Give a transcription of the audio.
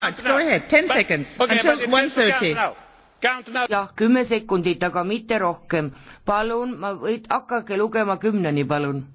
Ah, jah, kümme sekundit, aga mitte rohkem. palun, ma võin, hakake lugema kümneni, palun